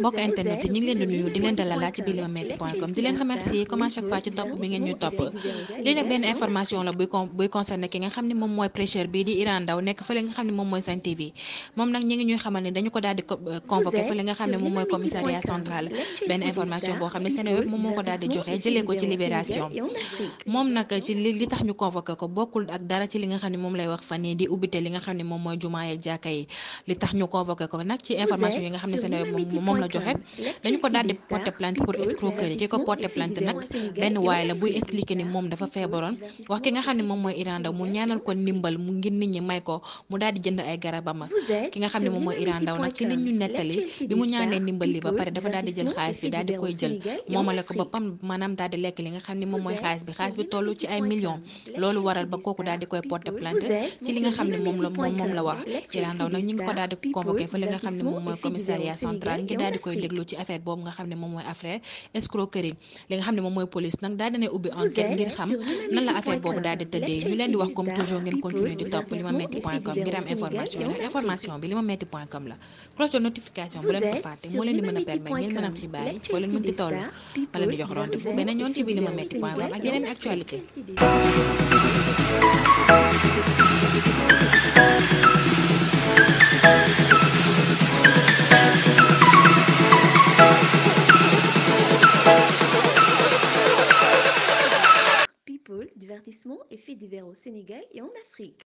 mbokk internet yi ñu ngi leen di nuyu di leen dalalaat ci Limametti point com di leen remercier comme chaque fois ci topp bi ngeen ñu topp lii nag benn information la buy buy ki euh, nga xam ne moom mooy commissariat central benn information boo xam ne Seneweb moom moom moom la joxe dañu ko daal di porter plainte pour escroquerie ki ko porter plainte nag benn waaye la buy expliquer ni moom dafa feebaroon wax ki nga xam ne moom mooy Iran Ndao mu ñaanal ko ndimbal mu ngir nit ñi may ko mu daal di jënd ay garabama ki nga xam ne moom mooy Iran Ndao nag ci li ñu nettali bi mu ñaanee ndimbal li ba pare dafa daal di jël xaalis bi daal di koy jël moomale ko boppam maanaam daal di lekk li nga xam ne moom mooy xaalis bi xaalis bi toll ci ay millions loolu waral ba kooku daal di koy porter plainte ci li nga xam ne moom la moom la wax Iran Ndao nag ñi ngi ko daal di convoqué fa li nga xam ne moom mooy commissariat central ngi daal di koy déglu ci affaire boobu nga xam ne moom mooy affaire escroquerie li nga xam ne moom mooy police nag daal dinay ubbi enquête ngir xam nan la affaire boobu daal di tëddee ñu leen di wax comme toujours ngeen continuer di topp limametti point com point com la cloche de notification bu leen ko fàtte moo leen di mën a permettre ngeen mën a xibaar yi foo leen mënti toll ma di jox rendez-vous beneen yoon ci bi limametti point com ak yeneen actualité et fait divers au Sénégal et en Afrique.